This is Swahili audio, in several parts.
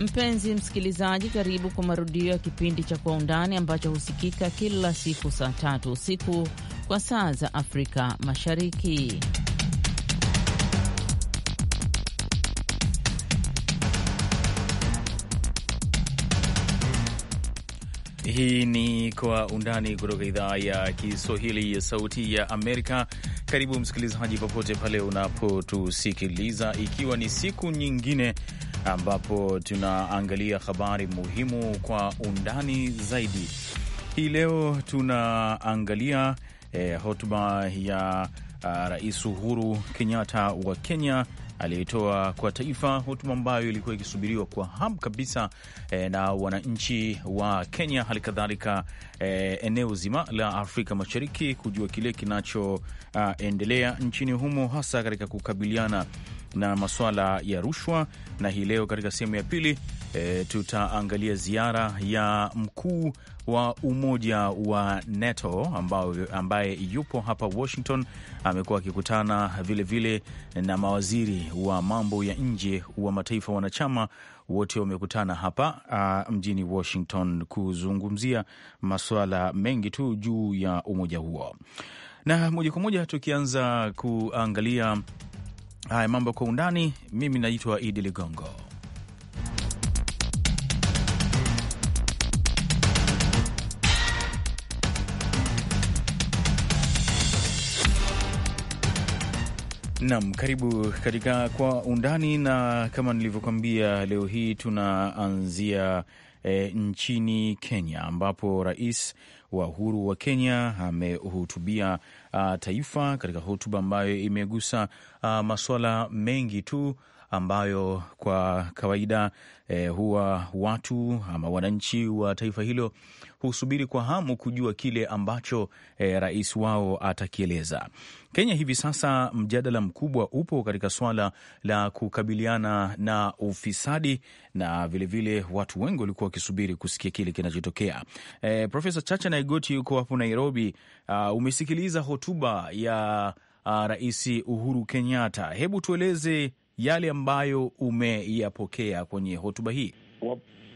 Mpenzi msikilizaji, karibu kwa marudio ya kipindi cha Kwa Undani ambacho husikika kila siku saa tatu usiku kwa saa za Afrika Mashariki. Hii ni Kwa Undani kutoka idhaa ya Kiswahili ya Sauti ya Amerika. Karibu msikilizaji, popote pale unapotusikiliza, ikiwa ni siku nyingine ambapo tunaangalia habari muhimu kwa undani zaidi. Hii leo tunaangalia eh, hotuba ya uh, Rais Uhuru Kenyatta wa Kenya aliyetoa kwa taifa, hotuba ambayo ilikuwa ikisubiriwa kwa hamu kabisa eh, na wananchi wa Kenya, hali kadhalika eh, eneo zima la Afrika Mashariki kujua kile kinachoendelea uh, nchini humo, hasa katika kukabiliana na masuala ya rushwa, na hii leo katika sehemu ya pili e, tutaangalia ziara ya mkuu wa umoja wa NATO ambao, ambaye yupo hapa Washington amekuwa akikutana vilevile na mawaziri wa mambo ya nje wa mataifa wanachama wote wamekutana hapa a, mjini Washington kuzungumzia masuala mengi tu juu ya umoja huo, na moja kwa moja tukianza kuangalia Haya mambo kwa undani. Mimi naitwa Idi Ligongo. Nam, karibu katika Kwa Undani, na kama nilivyokuambia, leo hii tunaanzia e, nchini Kenya ambapo rais wa uhuru wa Kenya amehutubia taifa katika hotuba ambayo imegusa a, masuala mengi tu ambayo kwa kawaida eh, huwa watu ama wananchi wa taifa hilo husubiri kwa hamu kujua kile ambacho eh, rais wao atakieleza. Kenya hivi sasa mjadala mkubwa upo katika swala la kukabiliana na ufisadi na vilevile vile watu wengi walikuwa wakisubiri kusikia kile kinachotokea. Eh, Profesa Chacha Naigoti yuko hapo Nairobi. Uh, umesikiliza hotuba ya uh, Rais Uhuru Kenyatta, hebu tueleze yale ambayo umeyapokea kwenye hotuba hii?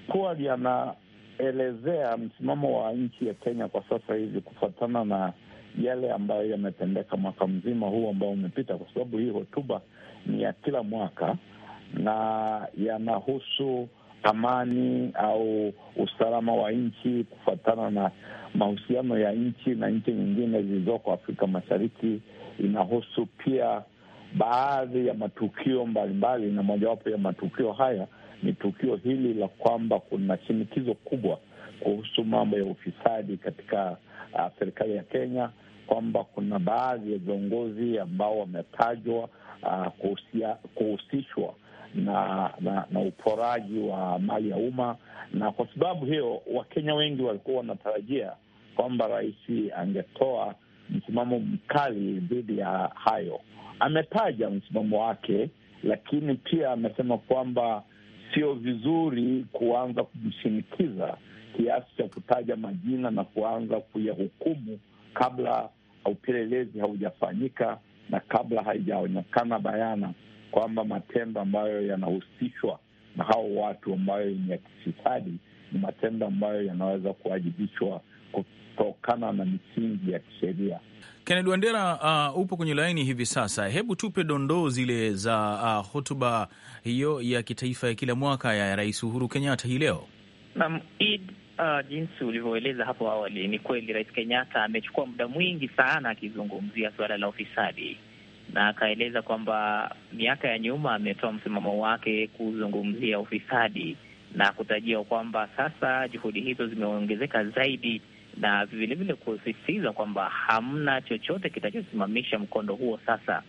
Kuwa yanaelezea msimamo wa nchi ya Kenya kwa sasa hivi kufuatana na yale ambayo yametendeka mwaka mzima huu ambao umepita, kwa sababu hii hotuba ni ya kila mwaka na yanahusu amani au usalama wa nchi kufuatana na mahusiano ya nchi na nchi nyingine zilizoko Afrika Mashariki. Inahusu pia baadhi ya matukio mbalimbali mbali, na mojawapo ya matukio haya ni tukio hili la kwamba kuna shinikizo kubwa kuhusu mambo ya ufisadi katika uh, serikali ya Kenya, kwamba kuna baadhi ya viongozi ambao wametajwa uh, kuhusishwa na, na na uporaji wa mali ya umma, na kwa sababu hiyo Wakenya wengi walikuwa wanatarajia kwamba rais angetoa msimamo mkali dhidi ya hayo ametaja msimamo wake, lakini pia amesema kwamba sio vizuri kuanza kumshinikiza kiasi cha kutaja majina na kuanza kuyahukumu kabla upelelezi haujafanyika na kabla haijaonekana bayana kwamba matendo ambayo yanahusishwa na hao watu ambayo ni ya kifisadi ni matendo ambayo yanaweza kuwajibishwa kutokana na misingi ya kisheria. Kennedy Wandera, uh, upo kwenye laini hivi sasa. Hebu tupe dondoo zile za uh, hotuba hiyo ya kitaifa ya kila mwaka ya Rais Uhuru Kenyatta hii leo. Naam, Uh, jinsi ulivyoeleza hapo awali ni kweli, Rais Kenyatta amechukua muda mwingi sana akizungumzia suala la ufisadi, na akaeleza kwamba miaka ya nyuma ametoa msimamo wake kuzungumzia ufisadi na kutajia kwamba sasa juhudi hizo zimeongezeka zaidi na vilevile kusisitiza kwamba hamna chochote kitachosimamisha mkondo huo sasa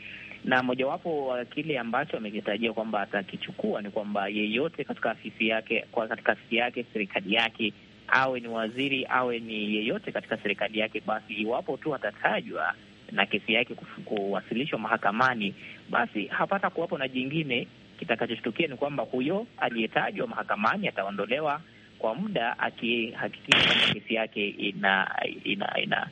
na mojawapo wa kile ambacho amekitajia kwamba atakichukua ni kwamba yeyote katika afisi yake, kwa katika afisi yake, serikali yake, awe ni waziri, awe ni yeyote katika serikali yake, basi iwapo tu atatajwa na kesi yake kuwasilishwa mahakamani, basi hapata kuwapo na jingine. Kitakachoshtukia ni kwamba huyo aliyetajwa mahakamani ataondolewa kwa muda akihakikisha kwamba kesi yake ina ina ina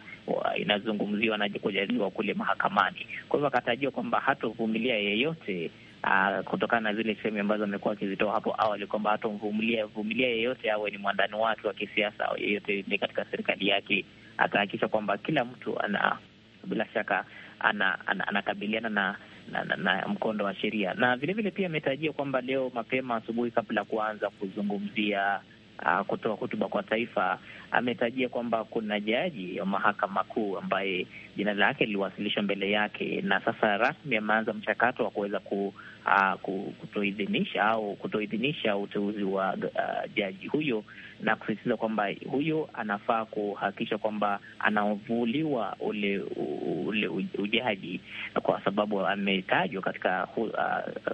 inazungumziwa na kujadiliwa kule mahakamani. Kwa hivyo akatarajia kwamba hatovumilia yeyote Uh, kutokana na zile sehemu ambazo amekuwa akizitoa hapo awali kwamba hatomvumilia vumilia yeyote awe ni mwandani wake wa kisiasa yeyote ni katika serikali yake, atahakikisha kwamba kila mtu ana bila shaka anakabiliana ana, ana na, na, na, na mkondo wa sheria. Na vilevile pia ametarajia kwamba leo mapema asubuhi, kabla ya kuanza kuzungumzia uh, ah, kutoa hotuba kwa taifa, ametajia kwamba kuna jaji wa mahakama kuu ambaye jina lake liliwasilishwa mbele yake, na sasa rasmi ameanza mchakato wa kuweza ku, uh, kutoidhinisha au kutoidhinisha uteuzi wa uh, jaji huyo na kusisitiza kwamba huyo anafaa kuhakikisha kwamba anavuliwa ule, ule ujaji kwa sababu ametajwa katika uh,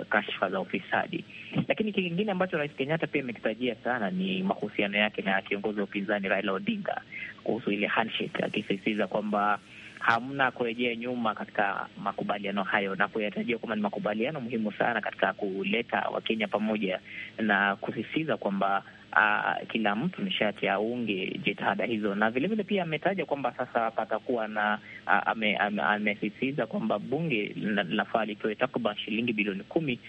kashfa za ufisadi. Lakini kingine ambacho Rais Kenyatta pia amekitajia sana ni mahusiano yake na kiongozi wa upinzani Raila Odinga kuhusu ile handshake, akisisitiza kwamba hamna kurejea nyuma katika makubaliano hayo na kuyatarajia kwamba ni makubaliano muhimu sana katika kuleta Wakenya pamoja na kusisitiza kwamba Ah, kila mtu nishati aunge jitihada hizo, na vilevile pia ametaja kwamba sasa patakuwa na amesisitiza ame kwamba bunge linafaa litoe takriban shilingi bilioni kumi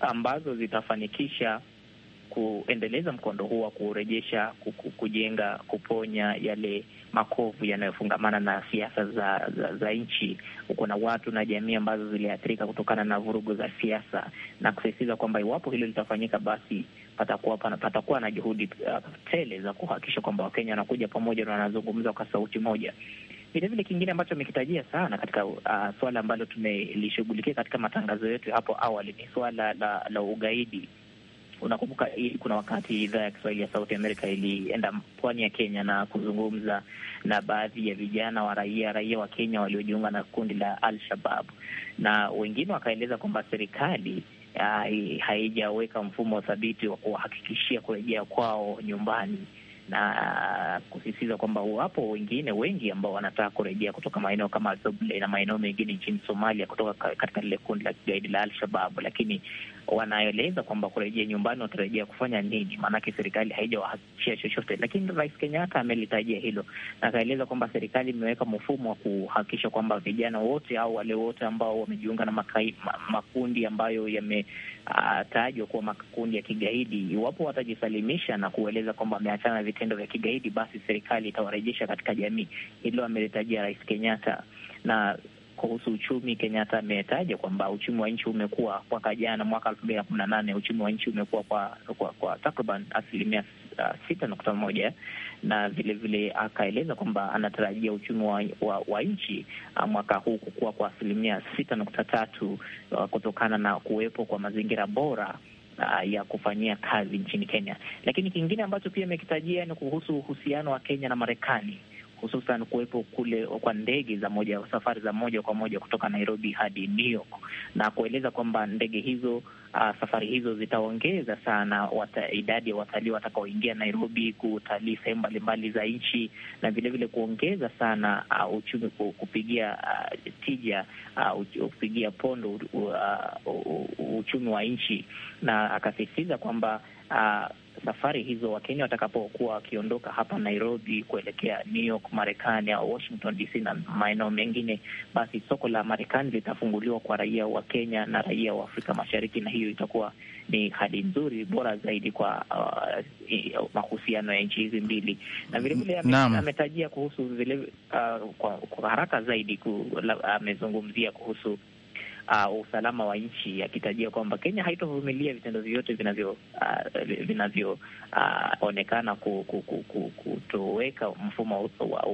ambazo zitafanikisha kuendeleza mkondo huu wa kurejesha, kujenga, kuponya yale makovu yanayofungamana na siasa za, za, za nchi. huko na watu na jamii ambazo ziliathirika kutokana na vurugu za siasa, na kusisitiza kwamba iwapo hilo litafanyika, basi patakuwa patakuwa na juhudi uh, tele za kuhakikisha kwamba Wakenya wanakuja pamoja na wanazungumza kwa sauti moja. Vilevile kingine ambacho amekitajia sana katika uh, suala ambalo tumelishughulikia katika matangazo yetu hapo awali ni suala la, la ugaidi Unakumbuka kuna wakati idhaa ya Kiswahili ya Sauti Amerika ilienda pwani ya Kenya na kuzungumza na baadhi ya vijana wa raia raia wa Kenya waliojiunga na kundi la Al-Shabab, na wengine wakaeleza kwamba serikali haijaweka mfumo thabiti wa kuwahakikishia kurejea kwao nyumbani na kusisitiza kwamba wapo wengine wengi ambao wanataka kurejea kutoka maeneo kama na maeneo mengine nchini Somalia kutoka katika lile kundi la kigaidi la Al-Shabab, lakini wanaeleza kwamba kurejea nyumbani watarejea kufanya nini, maanake serikali haijawahakikishia chochote. Lakini Rais Kenyatta amelitajia hilo na akaeleza kwamba serikali imeweka mfumo wa kuhakikisha kwamba vijana wote au wale wote ambao wamejiunga na makai, ma, makundi ambayo yametajwa uh, kuwa makundi ya kigaidi, iwapo watajisalimisha na kueleza kwamba wameachana na vitendo vya kigaidi, basi serikali itawarejesha katika jamii. Hilo amelitajia Rais Kenyatta na kuhusu uchumi, Kenyatta ametaja kwamba uchumi wa nchi umekuwa mwaka jana, mwaka elfu mbili na kumi na nane uchumi wa nchi umekuwa kwa, kwa, kwa takriban asilimia uh, sita nukta moja na vilevile akaeleza kwamba anatarajia uchumi wa, wa, wa nchi uh, mwaka huu kukuwa kwa asilimia sita nukta tatu uh, kutokana na kuwepo kwa mazingira bora uh, ya kufanyia kazi nchini Kenya. Lakini kingine ambacho pia amekitajia ni kuhusu uhusiano wa Kenya na Marekani hususan kuwepo kule kwa ndege za moja safari za moja kwa moja kutoka Nairobi hadi New York, na kueleza kwamba ndege hizo uh, safari hizo zitaongeza sana wata, idadi ya watalii watakaoingia Nairobi kutalii sehemu mbalimbali za nchi na vilevile kuongeza sana uh, uchumi, kupigia uh, tija uh, kupigia pondo uh, uh, uchumi wa nchi, na akasisitiza kwamba uh, safari hizo Wakenya watakapokuwa wakiondoka hapa Nairobi kuelekea New York Marekani au Washington DC na maeneo mengine, basi soko la Marekani litafunguliwa kwa raia wa Kenya na raia wa Afrika Mashariki, na hiyo itakuwa ni hali nzuri bora zaidi kwa uh, mahusiano ya nchi hizi mbili, na vilevile ametajia kuhusu vile, uh, kwa, kwa haraka zaidi amezungumzia kuhusu uh, usalama wa nchi, akitajia kwamba Kenya haitovumilia vitendo vyovyote vinavyo uh, vinavyoonekana uh, ku, ku, ku, ku, kutoweka mfumo wa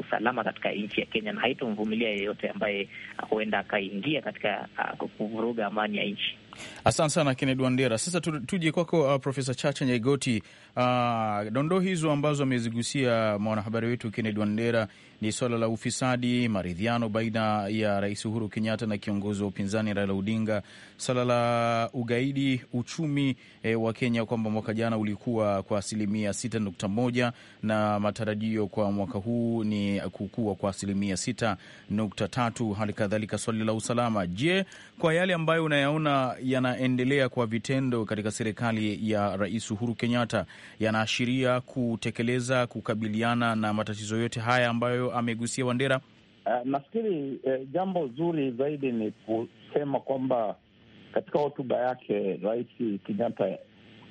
usalama katika nchi ya Kenya, na haitomvumilia yeyote ambaye huenda akaingia katika uh, kuvuruga amani ya nchi. Asante sana Kennedy Wandera. Sasa tuje kwako, uh, Profesa Chacha Nyaigoti. Ah, dondoo hizo ambazo amezigusia mwanahabari wetu Kennedy Wandera ni swala la ufisadi, maridhiano baina ya Rais Uhuru Kenyatta na kiongozi wa upinzani Raila Odinga, swala la ugaidi, uchumi e, wa Kenya kwamba mwaka jana ulikuwa kwa asilimia 6.1 na matarajio kwa mwaka huu ni kukua kwa asilimia 6.3. Hali kadhalika swali la usalama. Je, kwa yale ambayo unayaona yanaendelea kwa vitendo katika serikali ya Rais Uhuru Kenyatta yanaashiria kutekeleza kukabiliana na matatizo yote haya ambayo amegusia Wandera? Uh, nafikiri eh, jambo zuri zaidi ni kusema kwamba katika hotuba yake Rais Kenyatta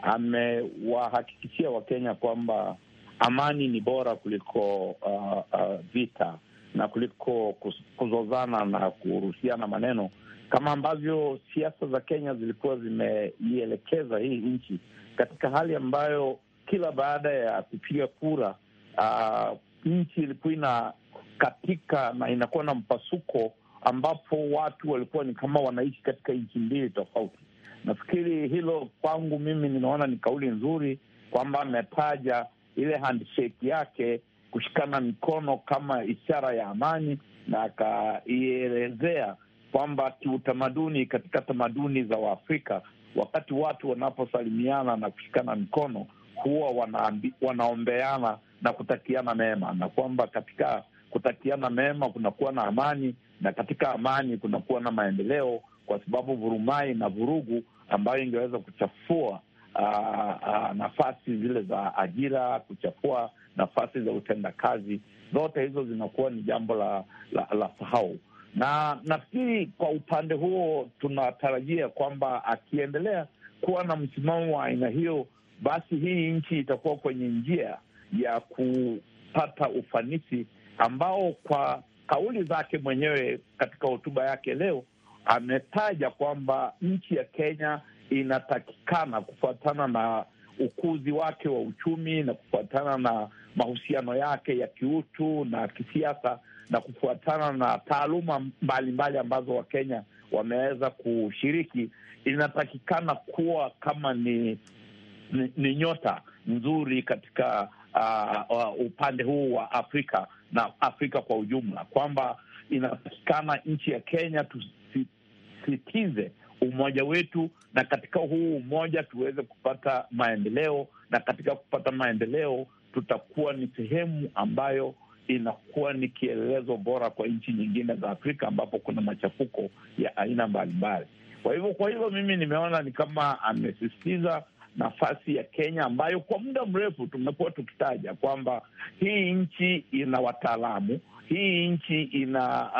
amewahakikishia Wakenya kwamba amani ni bora kuliko uh, uh, vita na kuliko kuzozana na kurushiana maneno kama ambavyo siasa za Kenya zilikuwa zimeielekeza hii nchi katika hali ambayo kila baada ya kupiga kura uh, nchi ilikuwa inakatika na inakuwa na mpasuko ambapo watu walikuwa ni kama wanaishi katika nchi mbili tofauti. Nafikiri hilo kwangu mimi ninaona ni kauli nzuri kwamba ametaja ile handshake yake kushikana mikono kama ishara ya amani, na akaielezea kwamba kiutamaduni, katika tamaduni za Waafrika, wakati watu wanaposalimiana na kushikana mikono huwa wanaambi, wanaombeana na kutakiana mema, na kwamba katika kutakiana mema kunakuwa na amani, na katika amani kunakuwa na maendeleo, kwa sababu vurumai na vurugu ambayo ingeweza kuchafua aa, aa, nafasi zile za ajira, kuchafua nafasi za utendakazi, zote hizo zinakuwa ni jambo la, la, la sahau na nafikiri kwa upande huo tunatarajia kwamba akiendelea kuwa na msimamo wa aina hiyo, basi hii nchi itakuwa kwenye njia ya kupata ufanisi ambao kwa kauli zake mwenyewe katika hotuba yake leo ametaja kwamba nchi ya Kenya inatakikana kufuatana na ukuzi wake wa uchumi na kufuatana na mahusiano yake ya kiutu na kisiasa na kufuatana na taaluma mbalimbali ambazo Wakenya wameweza kushiriki, inatakikana kuwa kama ni, ni, ni nyota nzuri katika uh, uh, upande huu wa Afrika na Afrika kwa ujumla, kwamba inatakikana nchi ya Kenya tusisitize umoja wetu, na katika huu umoja tuweze kupata maendeleo, na katika kupata maendeleo tutakuwa ni sehemu ambayo inakuwa ni kielelezo bora kwa nchi nyingine za Afrika ambapo kuna machafuko ya aina mbalimbali. Kwa hivyo, kwa hivyo mimi nimeona ni kama amesisitiza nafasi ya Kenya ambayo kwa muda mrefu tumekuwa tukitaja kwamba hii nchi ina wataalamu, hii nchi ina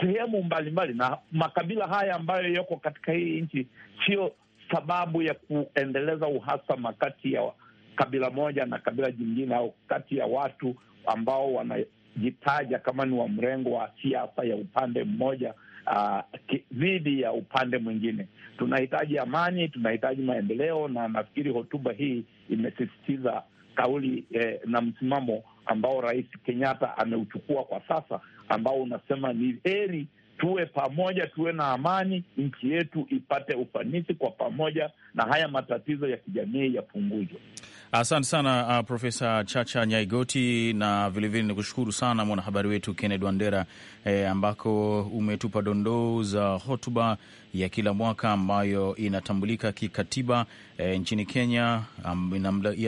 sehemu mbalimbali, na makabila haya ambayo yako katika hii nchi sio sababu ya kuendeleza uhasama kati ya kabila moja na kabila jingine au kati ya watu ambao wanajitaja kama ni wa mrengo wa siasa ya upande mmoja ah, dhidi uh, ya upande mwingine. Tunahitaji amani, tunahitaji maendeleo, na nafikiri hotuba hii imesisitiza kauli eh, na msimamo ambao Rais Kenyatta ameuchukua kwa sasa, ambao unasema ni heri tuwe pamoja, tuwe na amani, nchi yetu ipate ufanisi kwa pamoja, na haya matatizo ya kijamii yapunguzwe. Asante sana uh, Profesa Chacha Nyaigoti, na vilevile ni kushukuru sana mwanahabari wetu kenned Wandera eh, ambako umetupa dondoo za hotuba ya kila mwaka ambayo inatambulika kikatiba eh, nchini Kenya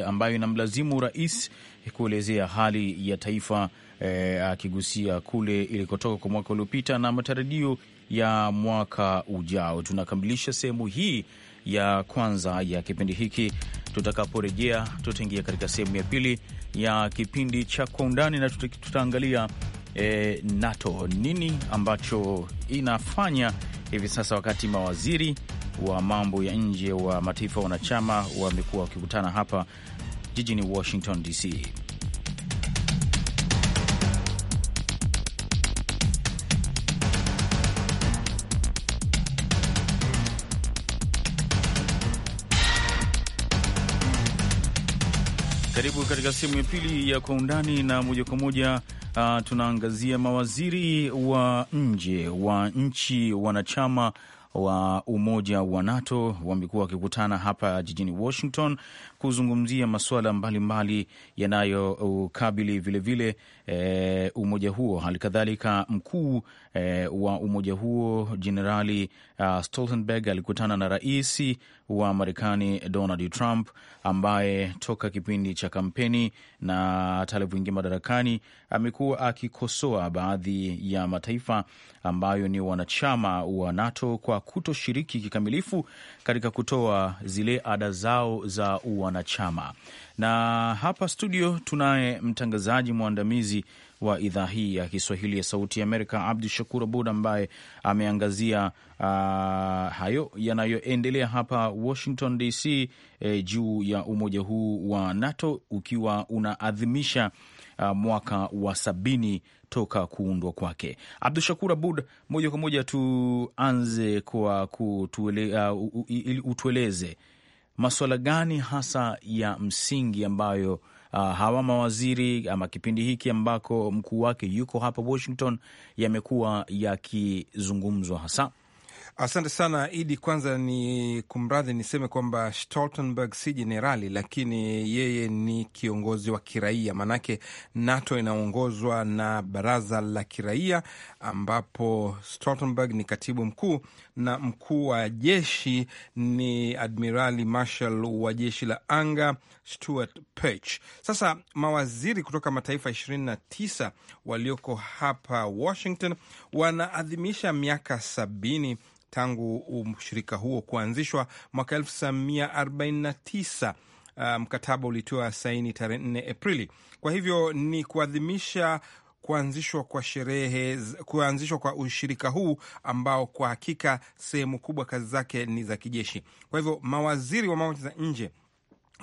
ambayo inamlazimu rais kuelezea hali ya taifa e, akigusia kule ilikotoka kwa mwaka uliopita na matarajio ya mwaka ujao. Tunakamilisha sehemu hii ya kwanza ya kipindi hiki. Tutakaporejea tutaingia katika sehemu ya pili ya kipindi cha Kwa Undani na tutaangalia e, NATO nini ambacho inafanya hivi sasa, wakati mawaziri wa mambo ya nje wa mataifa wanachama wamekuwa wakikutana hapa jijini Washington DC. Karibu katika sehemu ya pili ya Kwa Undani, na moja kwa moja uh, tunaangazia mawaziri wa nje wa nchi wanachama wa umoja wa NATO wamekuwa wakikutana hapa jijini Washington kuzungumzia masuala mbalimbali yanayokabili vilevile e, eh, umoja huo. Hali kadhalika mkuu e, wa umoja huo Jenerali uh, Stoltenberg alikutana na rais wa Marekani Donald Trump ambaye toka kipindi cha kampeni na hata alivyoingia madarakani amekuwa akikosoa baadhi ya mataifa ambayo ni wanachama wa NATO kwa kutoshiriki kikamilifu katika kutoa zile ada zao za uwanachama. Na hapa studio tunaye mtangazaji mwandamizi wa idhaa hii ya Kiswahili ya Sauti ya Amerika, Abdu Shakur Abud, ambaye ameangazia uh, hayo yanayoendelea hapa Washington DC eh, juu ya umoja huu wa NATO ukiwa unaadhimisha uh, mwaka wa sabini toka kuundwa kwake. Abdu Shakur Abud, moja kwa moja tuanze kwa kutuele, uh, utueleze maswala gani hasa ya msingi ambayo uh, hawa mawaziri ama kipindi hiki ambako mkuu wake yuko hapa Washington yamekuwa yakizungumzwa hasa Asante sana Idi. Kwanza ni kumradhi niseme kwamba Stoltenberg si jenerali, lakini yeye ni kiongozi wa kiraia, maanake NATO inaongozwa na baraza la kiraia, ambapo Stoltenberg ni katibu mkuu na mkuu wa jeshi ni Admirali Marshal wa jeshi la anga Stuart pech Sasa mawaziri kutoka mataifa 29 walioko hapa Washington wanaadhimisha miaka sabini tangu ushirika huo kuanzishwa mwaka 1949. Uh, mkataba um, ulitiwa saini tarehe 4 Aprili. Kwa hivyo ni kuadhimisha kuanzishwa kwa sherehe, kuanzishwa kwa ushirika huu ambao kwa hakika sehemu kubwa kazi zake ni za kijeshi. Kwa hivyo mawaziri wa mambo za nje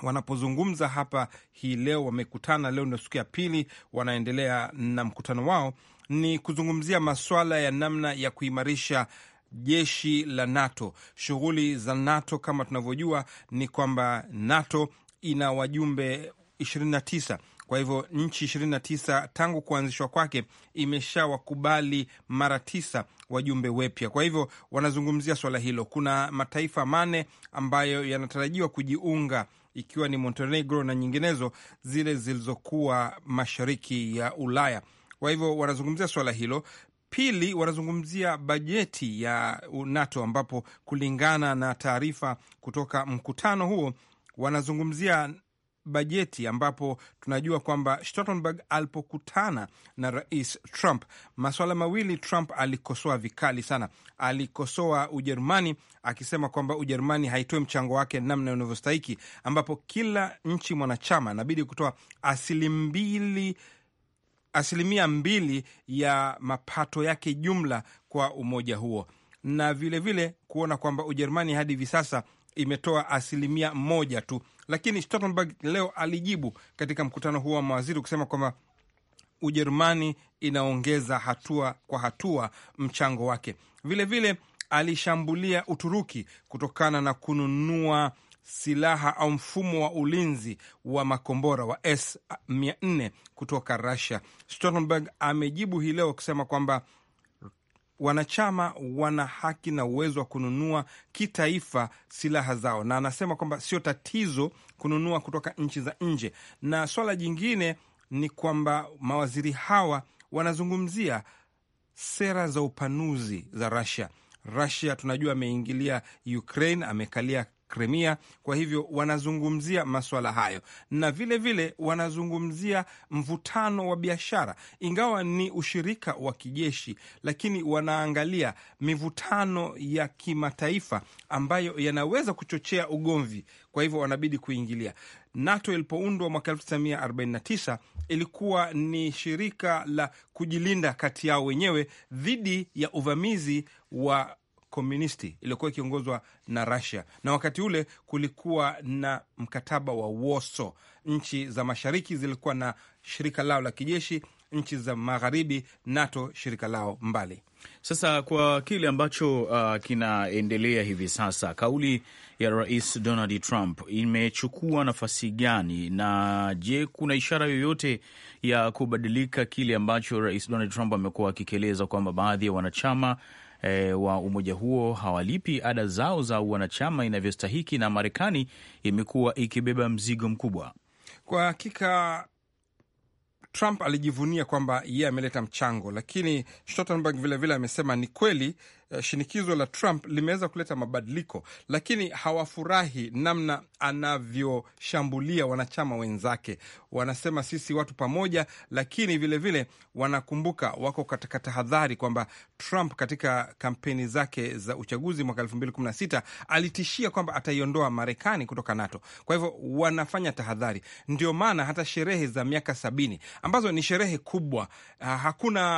wanapozungumza hapa hii leo, wamekutana leo, ndio siku ya pili wanaendelea na mkutano wao, ni kuzungumzia masuala ya namna ya kuimarisha jeshi la NATO. Shughuli za NATO kama tunavyojua ni kwamba NATO ina wajumbe 29 kwa hivyo nchi 29 tangu kuanzishwa kwake imeshawakubali mara tisa wajumbe wepya Kwa hivyo wanazungumzia swala hilo. Kuna mataifa mane ambayo yanatarajiwa kujiunga ikiwa ni Montenegro na nyinginezo zile zilizokuwa mashariki ya Ulaya. Kwa hivyo wanazungumzia swala hilo. Pili, wanazungumzia bajeti ya NATO ambapo kulingana na taarifa kutoka mkutano huo wanazungumzia bajeti ambapo tunajua kwamba Stoltenberg alipokutana na rais Trump, masuala mawili Trump alikosoa vikali sana. Alikosoa Ujerumani akisema kwamba Ujerumani haitoi mchango wake namna unavyostahiki, ambapo kila nchi mwanachama inabidi kutoa asilimia asilimia mbili ya mapato yake jumla kwa umoja huo, na vilevile vile kuona kwamba Ujerumani hadi hivi sasa imetoa asilimia moja tu lakini Stoltenberg leo alijibu katika mkutano huo wa mawaziri kusema kwamba Ujerumani inaongeza hatua kwa hatua mchango wake. Vilevile vile, alishambulia Uturuki kutokana na kununua silaha au mfumo wa ulinzi wa makombora wa S400 kutoka Russia. Stoltenberg amejibu hii leo kusema kwamba wanachama wana haki na uwezo wa kununua kitaifa silaha zao, na anasema kwamba sio tatizo kununua kutoka nchi za nje. Na swala jingine ni kwamba mawaziri hawa wanazungumzia sera za upanuzi za Russia. Russia tunajua ameingilia Ukraine, amekalia Crimea. Kwa hivyo wanazungumzia masuala hayo na vilevile vile, wanazungumzia mvutano wa biashara, ingawa ni ushirika wa kijeshi, lakini wanaangalia mivutano ya kimataifa ambayo yanaweza kuchochea ugomvi. Kwa hivyo wanabidi kuingilia. NATO ilipoundwa mwaka 1949 ilikuwa ni shirika la kujilinda kati yao wenyewe dhidi ya uvamizi wa kikomunisti iliyokuwa ikiongozwa na rasia na wakati ule kulikuwa na mkataba wa Woso. Nchi za mashariki zilikuwa na shirika lao la kijeshi, nchi za magharibi NATO shirika lao mbali. Sasa kwa kile ambacho uh, kinaendelea hivi sasa, kauli ya Rais Donald Trump imechukua nafasi gani, na je, kuna ishara yoyote ya kubadilika kile ambacho Rais Donald Trump amekuwa akikieleza kwamba baadhi ya wanachama e, wa umoja huo hawalipi ada zao za wanachama inavyostahiki, na Marekani imekuwa ikibeba mzigo mkubwa. Kwa hakika Trump alijivunia kwamba yeye ameleta mchango, lakini Stoltenberg vilevile amesema ni kweli Eh, shinikizo la Trump limeweza kuleta mabadiliko, lakini hawafurahi namna anavyoshambulia wanachama wenzake. Wanasema sisi watu pamoja, lakini vilevile vile wanakumbuka wako katika tahadhari kwamba Trump katika kampeni zake za uchaguzi mwaka sita alitishia kwamba ataiondoa Marekani kutoka NATO. Kwa hivyo wanafanya tahadhari, ndio maana hata sherehe za miaka sabini ambazo ni sherehe kubwa, eh, hakuna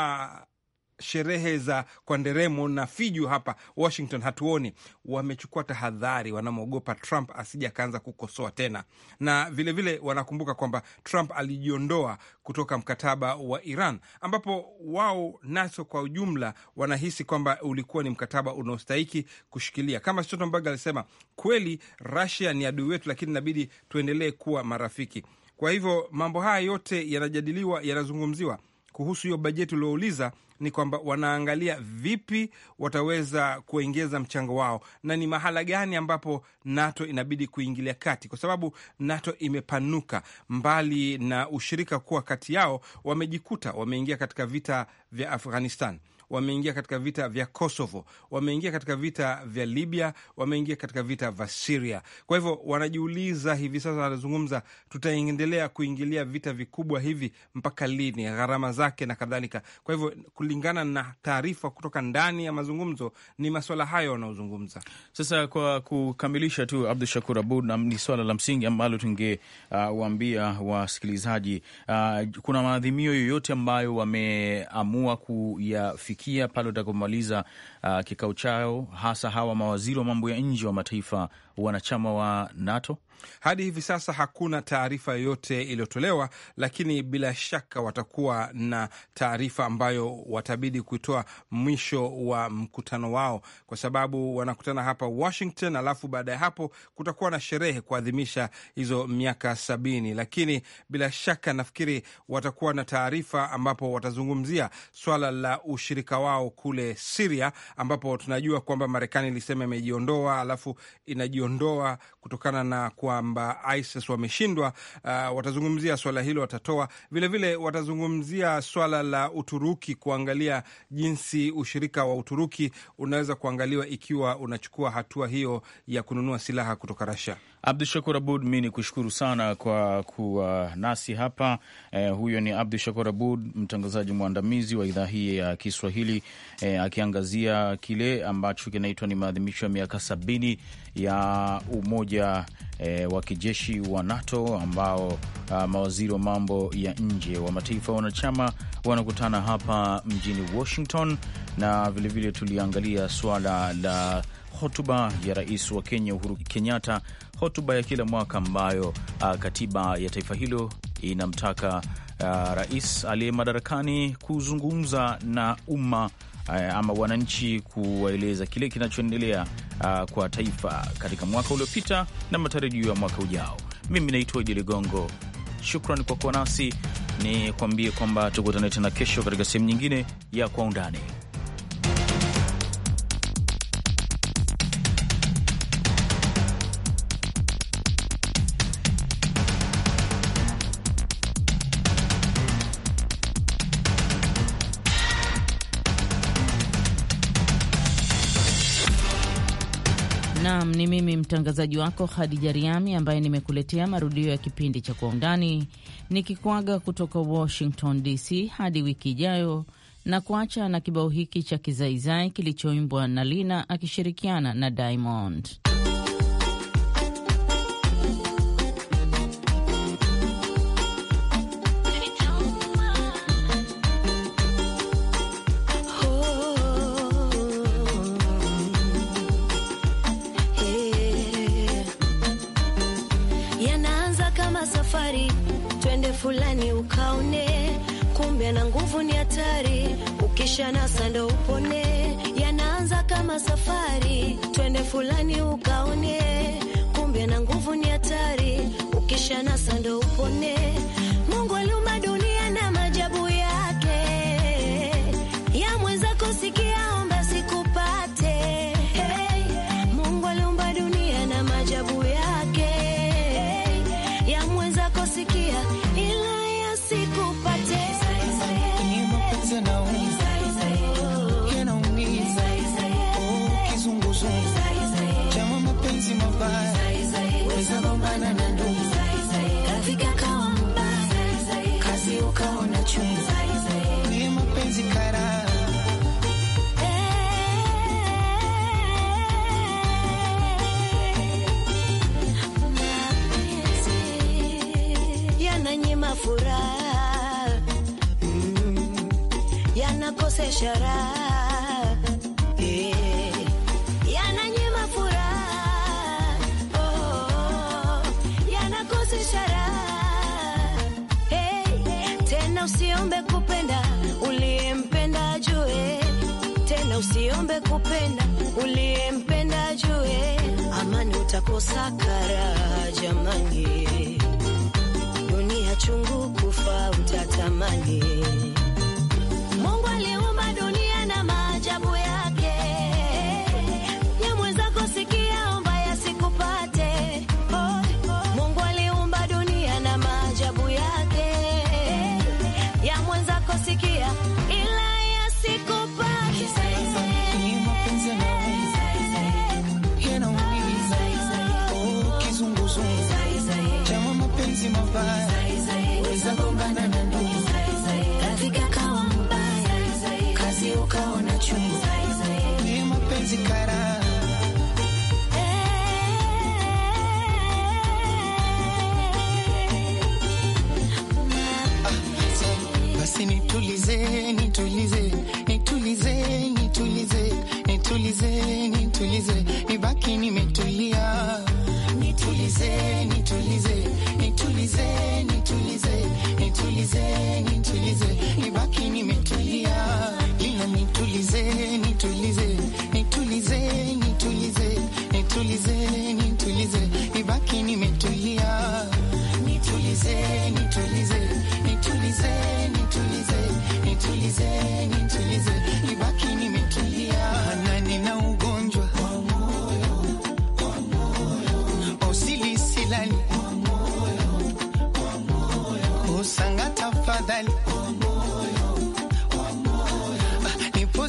sherehe za kwa nderemo na fiju hapa Washington hatuoni. Wamechukua tahadhari, wanamwogopa Trump asije akaanza kukosoa tena, na vilevile vile wanakumbuka kwamba Trump alijiondoa kutoka mkataba wa Iran, ambapo wao naso kwa ujumla wanahisi kwamba ulikuwa ni mkataba unaostahiki kushikilia. Kama Stoltenberg alisema, kweli Russia ni adui wetu, lakini inabidi tuendelee kuwa marafiki. Kwa hivyo mambo haya yote yanajadiliwa, yanazungumziwa kuhusu hiyo bajeti uliouliza ni kwamba wanaangalia vipi wataweza kuongeza mchango wao na ni mahala gani ambapo NATO inabidi kuingilia kati, kwa sababu NATO imepanuka mbali na ushirika kuwa kati yao, wamejikuta wameingia katika vita vya Afghanistan wameingia katika vita vya Kosovo, wameingia katika vita vya Libya, wameingia katika vita vya Siria. Kwa hivyo wanajiuliza hivi sasa, wanazungumza, tutaendelea kuingilia vita vikubwa hivi mpaka lini? Gharama zake na kadhalika. Kwa hivyo kulingana na taarifa kutoka ndani ya mazungumzo, ni maswala hayo wanaozungumza sasa. Kwa kukamilisha tu, Abdu Shakur Abud, ni swala la msingi ambalo tungewaambia uh, wasikilizaji uh, kuna maadhimio yoyote ambayo wameamua kuyafikia kufikia pale utakapomaliza uh, kikao chao, hasa hawa mawaziri wa mambo ya nje wa mataifa wanachama wa NATO? Hadi hivi sasa hakuna taarifa yoyote iliyotolewa, lakini bila shaka watakuwa na taarifa ambayo watabidi kuitoa mwisho wa mkutano wao, kwa sababu wanakutana hapa Washington, alafu baada ya hapo kutakuwa na sherehe kuadhimisha hizo miaka sabini. Lakini bila shaka nafikiri watakuwa na taarifa ambapo watazungumzia swala la ushirika wao kule Siria, ambapo tunajua kwamba Marekani ilisema imejiondoa, alafu inajiondoa kutokana na ku kwamba ISIS wameshindwa. Uh, watazungumzia swala hilo, watatoa vilevile vile, watazungumzia swala la Uturuki kuangalia jinsi ushirika wa Uturuki unaweza kuangaliwa ikiwa unachukua hatua hiyo ya kununua silaha kutoka Russia. Abdu Shakur Abud, mi ni kushukuru sana kwa kuwa nasi hapa eh. Huyo ni Abdu Shakur Abud, mtangazaji mwandamizi wa idhaa hii ya Kiswahili eh, akiangazia kile ambacho kinaitwa ni maadhimisho ya miaka sabini ya umoja eh, wa kijeshi wa NATO ambao ah, mawaziri wa mambo ya nje wa mataifa wanachama wanakutana hapa mjini Washington, na vilevile tuliangalia suala la hotuba ya rais wa Kenya Uhuru Kenyatta hotuba ya kila mwaka ambayo uh, katiba ya taifa hilo inamtaka uh, rais aliye madarakani kuzungumza na umma eh, ama wananchi kuwaeleza kile kinachoendelea uh, kwa taifa katika mwaka uliopita na matarajio ya mwaka ujao. Mimi naitwa Idi Ligongo, shukran kwa kuwa nasi. Ni kuambie kwamba tukutane tena kesho katika sehemu nyingine ya Kwa Undani. Naam, ni mimi mtangazaji wako Khadija Riami ambaye nimekuletea marudio ya kipindi cha Kwa Undani nikikwaga kutoka Washington DC hadi wiki ijayo, na kuacha na kibao hiki cha kizaizai kilichoimbwa na Lina akishirikiana na Diamond. fulani ukaone, kumbe na nguvu ni hatari, ukisha nasa ndo upone. Yanaanza kama safari, twende fulani ukaone, kumbe na nguvu ni hatari, ukisha nasa ndo upone nitulize, ibaki nimetulia, nitulizeni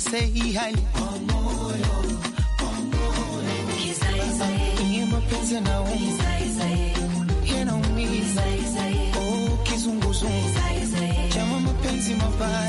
Say hi, ni mapenzi oh kizunguzungu chama mapenzi mabaya